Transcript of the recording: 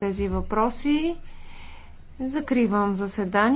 тези въпроси. Закривам заседание.